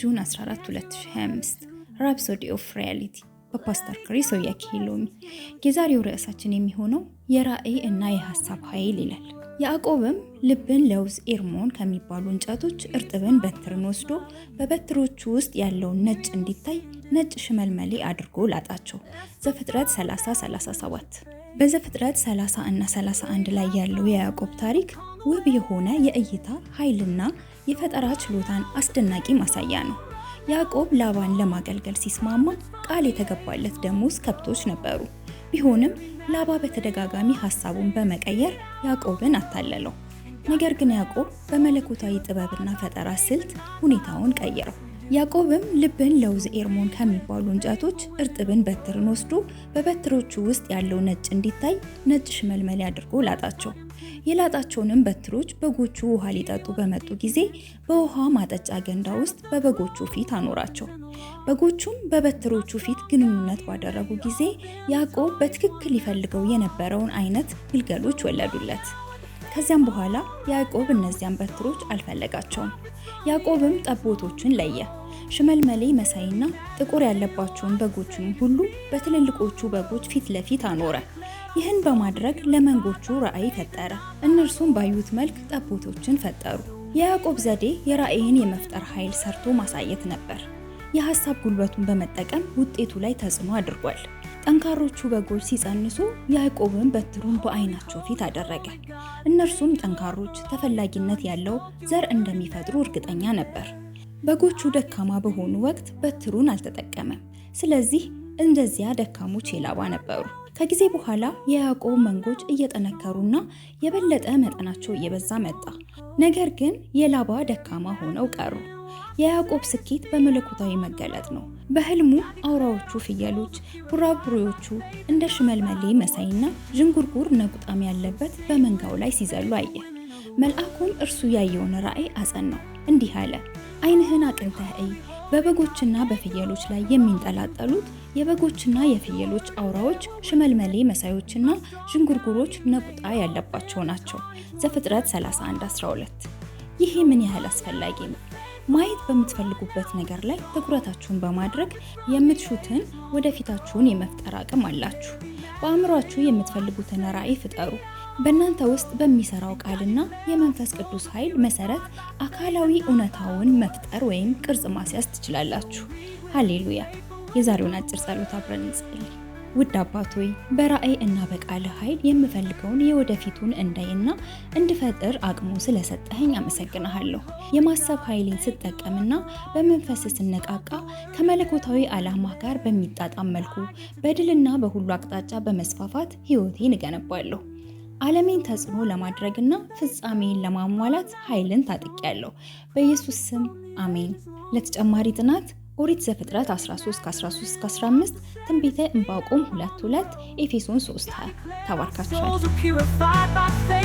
ጁን 14 2025 ራፕሶዲ ኦፍ ሪያሊቲ በፓስተር ክሪስ ያኪሎሚ የዛሬው ርዕሳችን የሚሆነው የራእይ እና የሀሳብ ኃይል ይላል። ያዕቆብም ልብን ለውዝ ኤርሞን ከሚባሉ እንጨቶች እርጥብን በትርን ወስዶ በበትሮቹ ውስጥ ያለውን ነጭ እንዲታይ ነጭ ሽመልመሌ አድርጎ ላጣቸው። ዘፍጥረት 30 37 በዘፍጥረት 30 እና 31 ላይ ያለው የያዕቆብ ታሪክ ውብ የሆነ የእይታ ኃይልና የፈጠራ ችሎታን አስደናቂ ማሳያ ነው። ያዕቆብ ላባን ለማገልገል ሲስማማ ቃል የተገባለት ደሞዝ ከብቶች ነበሩ። ቢሆንም ላባ በተደጋጋሚ ሐሳቡን በመቀየር ያዕቆብን አታለለው። ነገር ግን ያዕቆብ በመለኮታዊ ጥበብና ፈጠራ ስልት ሁኔታውን ቀየረው። ያዕቆብም ልብን ለውዝ ኤርሞን ከሚባሉ እንጨቶች እርጥብን በትርን ወስዶ በበትሮቹ ውስጥ ያለው ነጭ እንዲታይ ነጭ ሽመልመል አድርጎ ላጣቸው። የላጣቸውንም በትሮች በጎቹ ውሃ ሊጠጡ በመጡ ጊዜ በውሃ ማጠጫ ገንዳ ውስጥ በበጎቹ ፊት አኖራቸው። በጎቹም በበትሮቹ ፊት ግንኙነት ባደረጉ ጊዜ ያዕቆብ በትክክል ይፈልገው የነበረውን አይነት ግልገሎች ወለዱለት። ከዚያም በኋላ ያዕቆብ እነዚያን በትሮች አልፈለጋቸውም። ያዕቆብም ጠቦቶችን ለየ። ሽመልመሌ መሳይና ጥቁር ያለባቸውን በጎችን ሁሉ በትልልቆቹ በጎች ፊት ለፊት አኖረ። ይህን በማድረግ ለመንጎቹ ራእይ ፈጠረ። እነርሱም ባዩት መልክ ጠቦቶችን ፈጠሩ። የያዕቆብ ዘዴ የራእይን የመፍጠር ኃይል ሰርቶ ማሳየት ነበር። የሀሳብ ጉልበቱን በመጠቀም ውጤቱ ላይ ተጽዕኖ አድርጓል። ጠንካሮቹ በጎች ሲጸንሱ ያዕቆብን በትሩን በዓይናቸው ፊት አደረገ። እነርሱም ጠንካሮች፣ ተፈላጊነት ያለው ዘር እንደሚፈጥሩ እርግጠኛ ነበር። በጎቹ ደካማ በሆኑ ወቅት በትሩን አልተጠቀመም። ስለዚህ እንደዚያ ደካሞች የላባ ነበሩ። ከጊዜ በኋላ የያዕቆብ መንጎች እየጠነከሩና የበለጠ መጠናቸው እየበዛ መጣ። ነገር ግን የላባ ደካማ ሆነው ቀሩ። የያዕቆብ ስኬት በመለኮታዊ መገለጥ ነው። በህልሙ አውራዎቹ ፍየሎች፣ ቡራቡሬዎቹ እንደ ሽመልመሌ መሳይና ዥንጉርጉር ነቁጣም ያለበት በመንጋው ላይ ሲዘሉ አየ። መልአኩም እርሱ ያየውን ራእይ አጸናው፣ እንዲህ አለ፦ ዓይንህን አቅንተህ እይ። በበጎችና በፍየሎች ላይ የሚንጠላጠሉት የበጎችና የፍየሎች አውራዎች ሽመልመሌ መሳዮችና ዥንጉርጉሮች ነቁጣ ያለባቸው ናቸው። ዘፍጥረት 31:12 ይሄ ምን ያህል አስፈላጊ ነው? ማየት በምትፈልጉበት ነገር ላይ ትኩረታችሁን በማድረግ የምትሹትን ወደፊታችሁን የመፍጠር አቅም አላችሁ። በአእምሯችሁ የምትፈልጉትን ራዕይ ፍጠሩ። በእናንተ ውስጥ በሚሰራው ቃልና የመንፈስ ቅዱስ ኃይል መሰረት አካላዊ እውነታውን መፍጠር ወይም ቅርጽ ማስያዝ ትችላላችሁ። ሃሌሉያ! የዛሬውን አጭር ጸሎት አብረን እንጸልይ። ውድ አባት ሆይ በራእይ እና በቃለ ኃይል የምፈልገውን የወደፊቱን እንዳይና እንድፈጥር አቅሙ ስለሰጠኸኝ አመሰግናለሁ። የማሰብ ኃይሌን ስጠቀምና በመንፈስ ስነቃቃ ከመለኮታዊ ዓላማ ጋር በሚጣጣም መልኩ በድልና በሁሉ አቅጣጫ በመስፋፋት ሕይወቴን እገነባለሁ። ዓለሜን ተጽዕኖ ለማድረግና ፍጻሜን ለማሟላት ኃይልን ታጥቄያለሁ። በኢየሱስ ስም አሜን። ለተጨማሪ ጥናት ኦሪት ዘፍጥረት 13 13 15 ትንቢተ እምባቆም 22 ኤፌሶን 3 20 ተባርካችኋል።